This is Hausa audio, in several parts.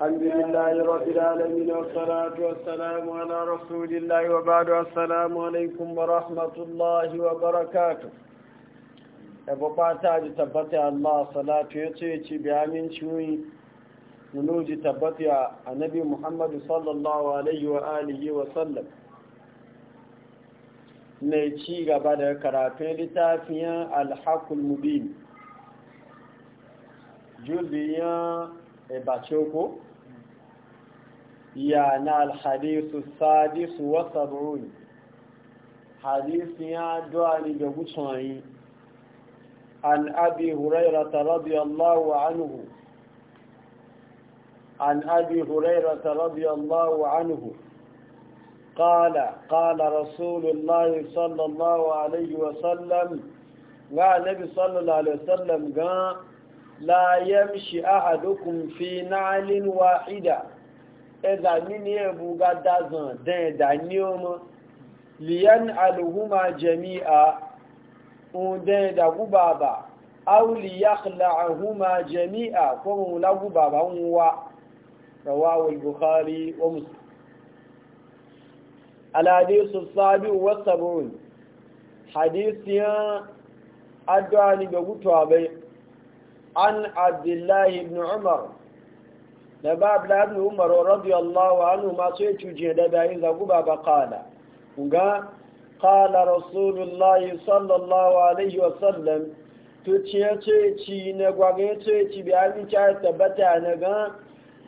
الحمد لله رب العالمين والصلاة والسلام على رسول الله وبعد السلام عليكم ورحمة الله وبركاته abu fata ji tabbata Allah salatu ya ce ci bi aminci nunuji tabbata annabi Muhammad sallallahu alaihi wa wa sallam ci gaba da karatun littafin al-haqul mubin juliyan باتشوكو يانا الحديث السادس والسبعون حديث يا دوالي جبوتشوين عن أبي هريرة رضي الله عنه عن أبي هريرة رضي الله عنه قال قال رسول الله صلى الله عليه وسلم قال النبي صلى الله عليه وسلم قال la yamshi ahadukum fi na'lin wahida idha min yabuga dazan dan daniyoma liyan alhuma jami'a den da gubaba aw liyakhla'ahuma jami'a ko la gubaba wa rawahu al-bukhari wa muslim al-hadith sabi wa sab'un hadithiyan عن عبد الله بن عمر لباب لابن عمر رضي الله عنه ما سيت جهد بعين ذقوبة قال قال رسول الله صلى الله عليه وسلم تتيتي نغوغيتي بعين تثبت نغا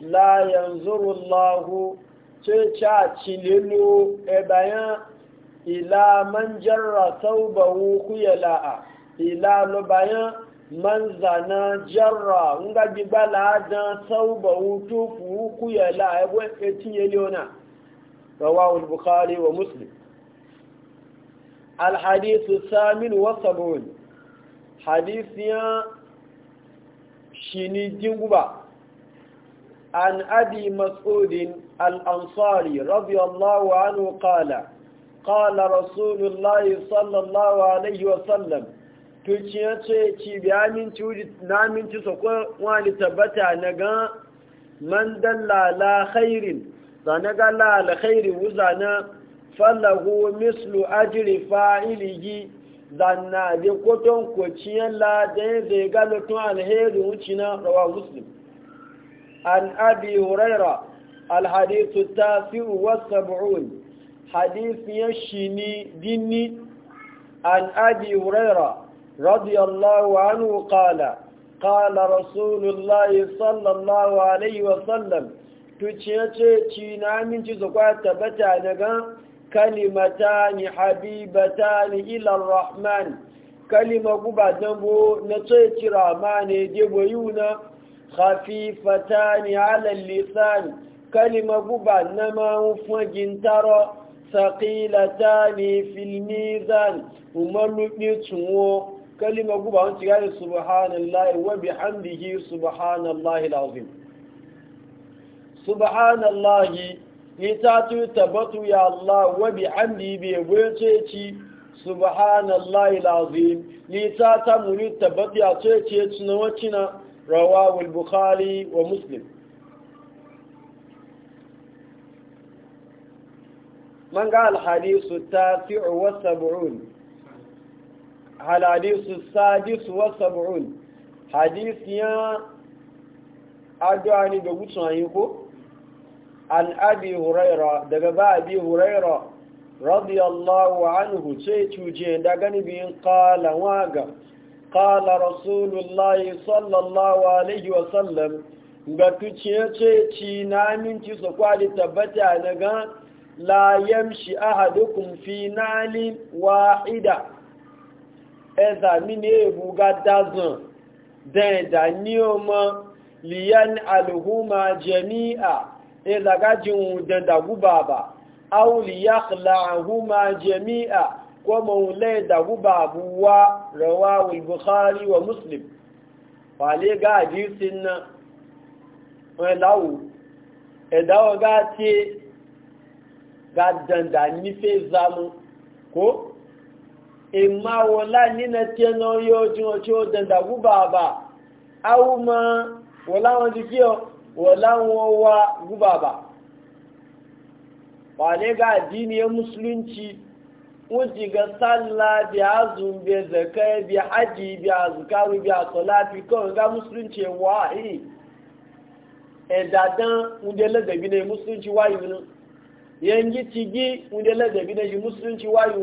لا ينظر الله تتاتي للو ابيان إلى من جرى ثوبه خيلاء إلى لبيان man zana jarra nga bala da sauba wutu ku ku ya la ebe etinye leona rawahu al-bukhari wa muslim al-hadith as-samin wa sabun hadith ya shini jinguba an abi mas'ud al-ansari radiyallahu anhu qala qala rasulullah sallallahu alayhi wa sallam tuciyar ce ci biya minci su wani tabbata na gan man dalla khairin ga la khairin wuza na fallahu mislu ajiri fa'iligi zanna zai koton kociyar la da ya zai tun alherin wuci na rawa muslim an abi huraira alhadisu ta fi uwa bu'un hadisi ya shi ni dinni an abi huraira رضي الله عنه قال قال رسول الله صلى الله عليه وسلم تشيتشي نامن تزكوا تبتا نغا كلمتان حبيبتان الى الرحمن كلمة قبع دنبو نتشيتشي رحمن يجيبو يونا خفيفتان على اللسان كلمة قبع نما وفنجن ترى ثقيلتان في الميزان وملو نتشوه كلمة قبعة أنت قال سبحان الله وبحمده سبحان الله العظيم سبحان الله يتاتو تبطو يا الله وبحمده بيبوشيشي سبحان الله العظيم يتاتا مريد تبطي عطيتي تنوتنا رواه البخاري ومسلم من قال حديث التاسع والسبعون haladisu sadisu wa sab'un hadisiya adwani da gutsayi ko an abi huraira daga ba abi huraira radiyallahu anhu ce cuje da gani biyin waga qala rasulullahi sallallahu alaihi wa sallam ga tuce ce ci na su kwali tabbata daga la yamshi ahadukum fi nalin wa'ida. ẹ̀zà mi ní èbú gádázàn dẹ̀ẹ̀dà ní ọmọ liyan alhuma jami'a ẹ̀zà gájin dẹ̀dàgú bàbà auliya alhuma jami'a kó mọ̀ lẹ́ẹ̀dàgú bàbú wa rọwà bukhari wa muslim wàlé gáàdì sí ná wọn láwù kó ìmá wọlá nile tí ẹnà yóò jí wọn guba dẹ̀dà gúbàbà áwùmọ́ wọla wọn ti kí ọ wọlá wọn wá gúbàbà wàlẹ́ ga àdínì ẹ mùsùlùmí wọ́n ti ga sálà bí azùn bí zẹ̀kẹ́ bí hajji bí azùkárù bí àtọ́lá bí kọ́rin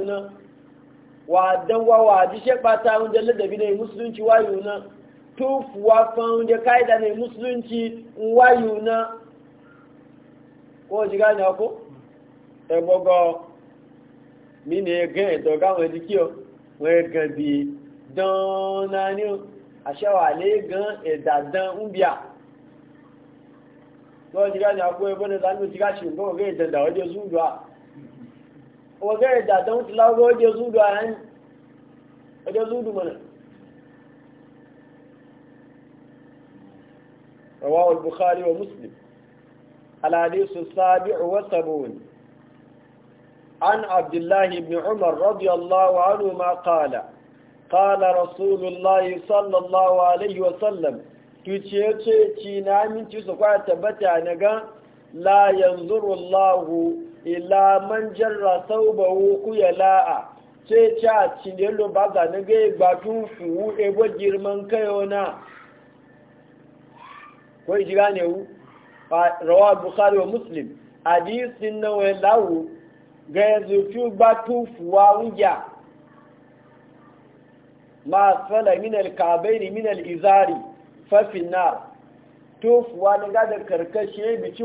náà wa danwa wa jishe bata wunde ladabi ne musulunci wayu na tufuwa fan wunde kaida ne musulunci wayu na ko ji gane ko e bogo mi ne gan to ga won di kiyo won gan bi dan na ni o ase le gan e dadan biya. ko ji gane ko e bo ne dan ji ga shi ko ge dan da waje zuwa wagarar da ta mutu a hannu waje zudu mana wa muslim aladisu sabi'u wa sabon an abdullahi ibn umar radiyallahu anhu ma kala kala rasulullahi sallallahu alaihi wasallam tuciyace ci na minci su kwata bata na ga la yanzurullahu ila man jarra saubahu kuyala'a sai ca cinye lobaza na ga gbatun fuwu ebo girman kayo na kwai ji gane bukari wa muslim hadisin na wai lawu ga yanzu fi gbatun fuwa ni ma tsala minal kabaini minal izari na gada bici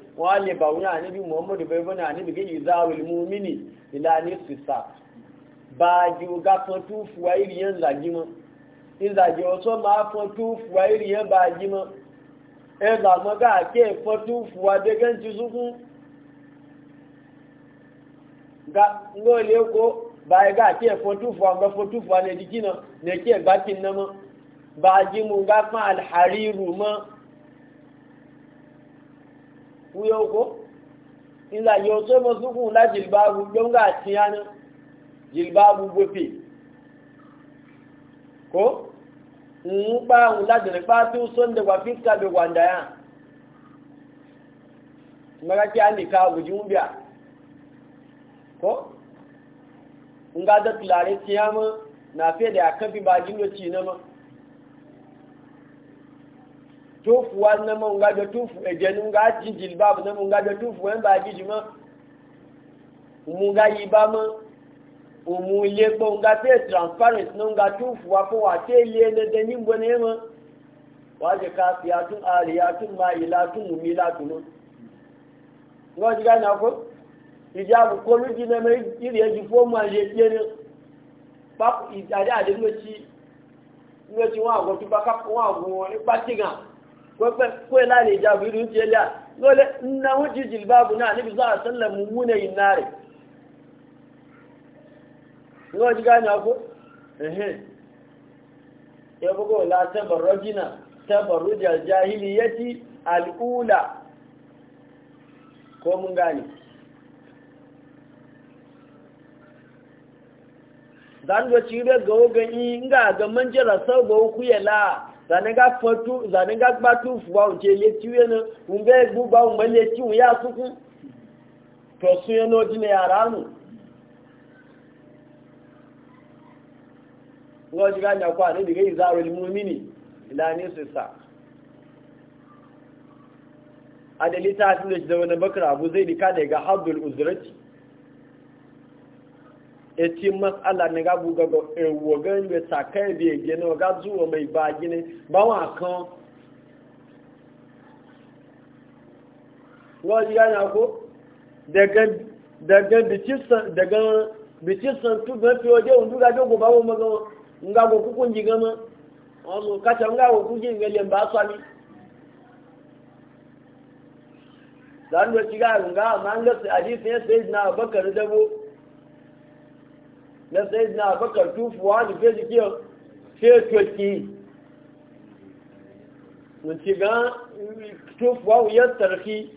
wale ba wuya wani bi muhammadu bai bane anabi ga izawul mumini ila ni sisa ba ji ga kan tu fuwa iri yan zagi mo in zagi o so ma kan tu fuwa iri yan ba ji mo e za mo ga ke kan tu fuwa de gan ti suku ga ngo le ko ba ga ke kan tu fuwa ga kan tu fuwa ne dikina ne ke ba kin na mo ba ji mu ga kan al hariru mo kuyo ko in za yau so masu kun la jilbabu don ga tiyana jilbabu gofe ko in ba un la dare pa tu son da wa fiska be wanda ya maga ki an ka gujun biya ko in ga da tulare tiyama na fe da akabi ba jindoci na ma tufu wa na mun ga da tufu e nga nun ga ji nga na da tufu en ba ji ma. mun ga yi ba ma, o mu le po nga te transparent nun nga tufu wa ko wa te le ne de ni bo ne mo wa je ka fi atun aliyatun ma ilatun milatun ngo ji ga na ko ijabu ko mi ji na me iri e ji fo mu a je tie ne pa ijade ade mo chi mo chi wa go ti ba ka wa go ni pa ti gan kwai lani jabu irin jeliya dole na wuce jilbabu na nabi za a sallar mummuna yin nare yawon ji gani ako? ehe ya bugo la tabar rajina tabar rujar jahiliyyati al'ula ko mun gani Zan ci cire ga ogan yi nga ga manjara sau ga ku yala zanaga fatu ga batu fuwa unje le tiwe na unga bu ba un mele ti u ya suku to su yana odine yara nu ngo ji ga nyakwa ne diga izaro limumini ila ni su sa adalita ta da wani bakar abu zai dika daga haddul uzurati eti masala ne ga buga go ewo ga nwe takai bi ege no ga zuwa mai ba gine ba wa kan wo ji ga na ko daga daga bitisan daga bitisan tu ga fi oje undu ga go ba wo mago nga go ku kunji gama ka cha nga go kunji ngele mba swami dan wa ji ga nga manga hadisi ne sai na bakar dabo na sai na bakar tufuwa da ke jike sai toki mun ci ga tufuwa wuyar tarfi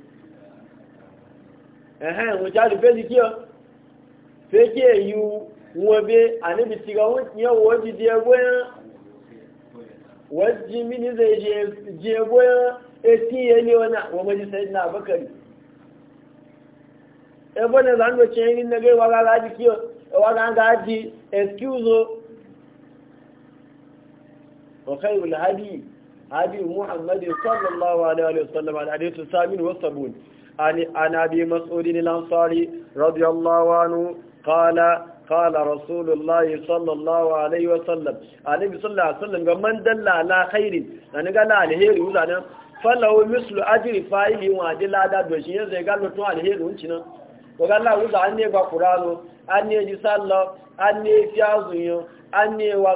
ehem mun ja da ke sai ke yi wabe a nabi ci ga yau waje je goya waje mini zai je goya eti ya ne wani wa maji sai na bakari ebe ne zanuwa ce yin na gaiwa ga laji kiyo wagan gaji excuse wa khairul hadi hadi muhammad sallallahu alaihi wa sallam al hadith samin wa sabun ani ana bi mas'udin al ansari radiyallahu anhu qala قال رسول الله صلى الله عليه وسلم النبي صلى الله عليه وسلم من دل على خير ان قال الخير وزنا فله مثل اجر فاعله وعدل هذا دوشين زي قال له تو daga Allah wuza an ne ba Qur'ano an ne ji sallah an ne fi azuyo an ne wa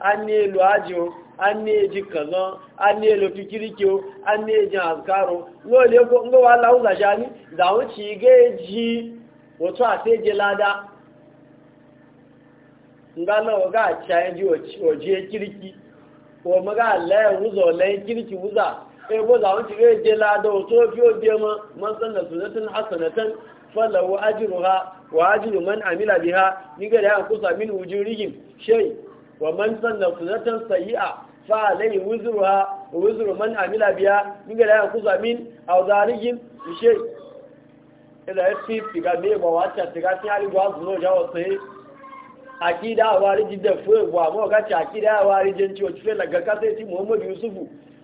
an ne lu ajo an ne ji kaza an ne lu fikirike an ne ji azkaro lo le ala ngo wa Allah wuza jani da wuci ge ji wato a sai je lada ngalo ga cha e ji o kiriki o ma falahu ajruha wa ajru man amila biha niga da an kusa min wujurihim shay wa man sanna sunnatan sayi'a fa alayhi wuzruha wa wuzru man amila biha niga da an kusa min awzarihim shay ila yasi tiga me ba wata tiga ti ari gwa zuno wa sai akida wari jidda fuwa mo ga ta akida wari jenci o fe la ga ka sai ti muhammad yusufu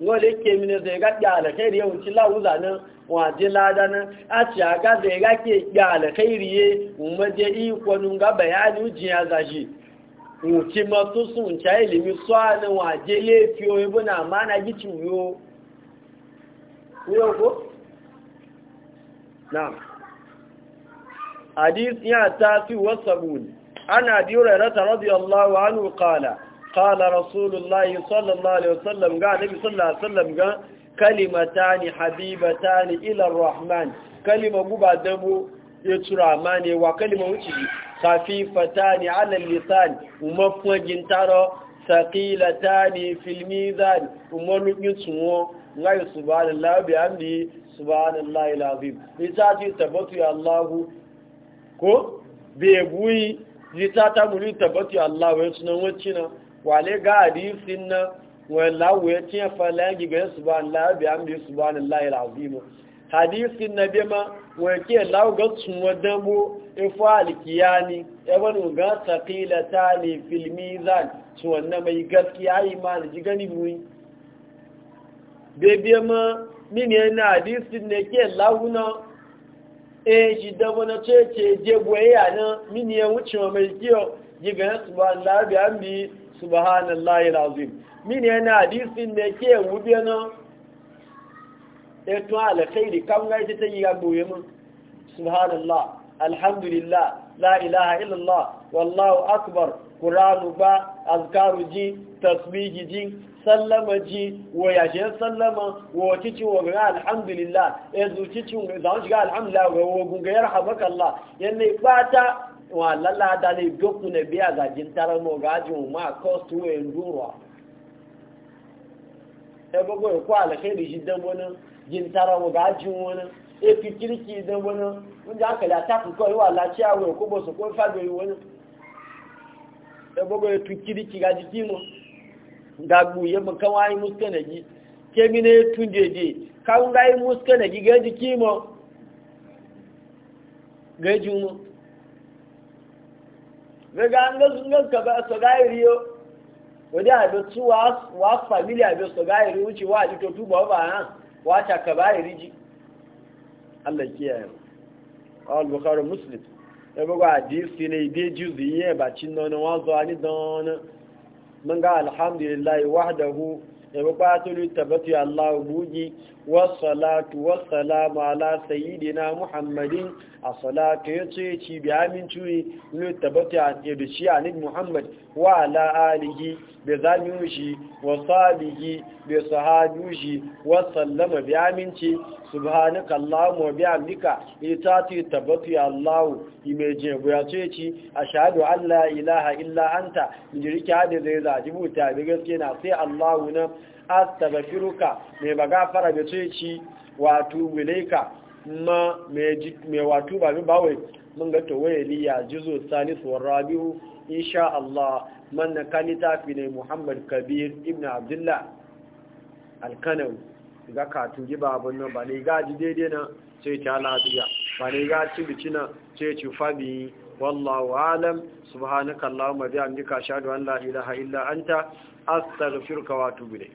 wale ke mine zai ga ya alkhairi yau ci na waje lada a ci zai ga ke ya alkhairi ye umaje iko nun ga bayani ujiya zaji uci masu sun ca ilimi suwanin waje lefiyo na hadis ya ana radiyallahu anhu قال رسول الله صلى الله عليه وسلم قال النبي صلى الله عليه وسلم قال كلمتان حبيبتان الى الرحمن كلمه مبادم يتراماني وكلمه وشي خفيفتان على اللسان ومفوجين ترى ثقيلتان في الميزان وملوكين سمو غير سبحان الله بأمره سبحان الله العظيم لذاتي تبطي يا الله كو بيبوي لذاتي مولي يا الله ويسنا wale ga hadisin nan wallahu ya ce fala ya giga subhanallahi bi amri subhanallahi alazim hadisin ma wa ke lawo ga sunwadan mu ifa e alkiyani ibn e ga thaqilatani fil mizan to wannan mai gaskiya imani ji ma na e wuce bi subhanallahi alazim min yana hadisin da ke wube na eto alkhairi kam ga ita yi ga goye mun subhanallah alhamdulillah la ilaha illallah wallahu akbar qur'anu ba azkaru ji tasbihi ji sallama ji wa yashe sallama wa cici wa ga alhamdulillah e zuci cin za mu shiga alhamdulillah wa gunga yarhamaka allah yanne bata wa lalla dale doku na biya ga jintara mo gajin ma cost we nduro e gogo ko ala ke di jidan bona jintara mo gajin wona e fikiriki dan bona mun ja kala ta ko e wa la chi awe ko bo so ko fa do wona e gogo e fikiriki e ga jikino dagbu ye mo kan wa yi muskana ji kemine tunjeje kan ga yi muskana ji ga jikimo ga jumo daga an gasu ganka ba so gairi yo wadi a da su wa familia bi so gairi wuce wa ji to tuba ba nan wa ta ka bairi ji Allah kiyaye al bukhari muslim e bugo hadisi ne bi juzi ye ba cin nono wa zo ani don manga alhamdulillah wahdahu da buƙatar tabbatu Allah buji wassalatu wassalamu ala sayyidina Muhammadin a salatu ya ce ci bi aminci ne tabbatu a shi Muhammad wa ala alihi bi zamiushi wa sabihi bi sahabushi wassallama bi aminci subhanaka Allahumma wa bihamdika ita ce ya Allah imeje ya ashhadu an la ilaha illa anta jirki hada zai zaji buta bi gaskiya na sai Allah na astaghfiruka mai magafara da ce ci wato wileka ma mai wato ba mi bawai mun ga to waye liya juzu salisu wa rabiu insha Allah man na fi ne Muhammad Kabir ibn Abdullah al-Kanawi ga ka tuji babun nan ba ne ga ji daidai na ce ta lafiya ba ne ga ci biki na ce ci fabi wallahu alam subhanakallahumma bihamdika ashhadu an la ilaha illa anta astaghfiruka wa atubu ilayk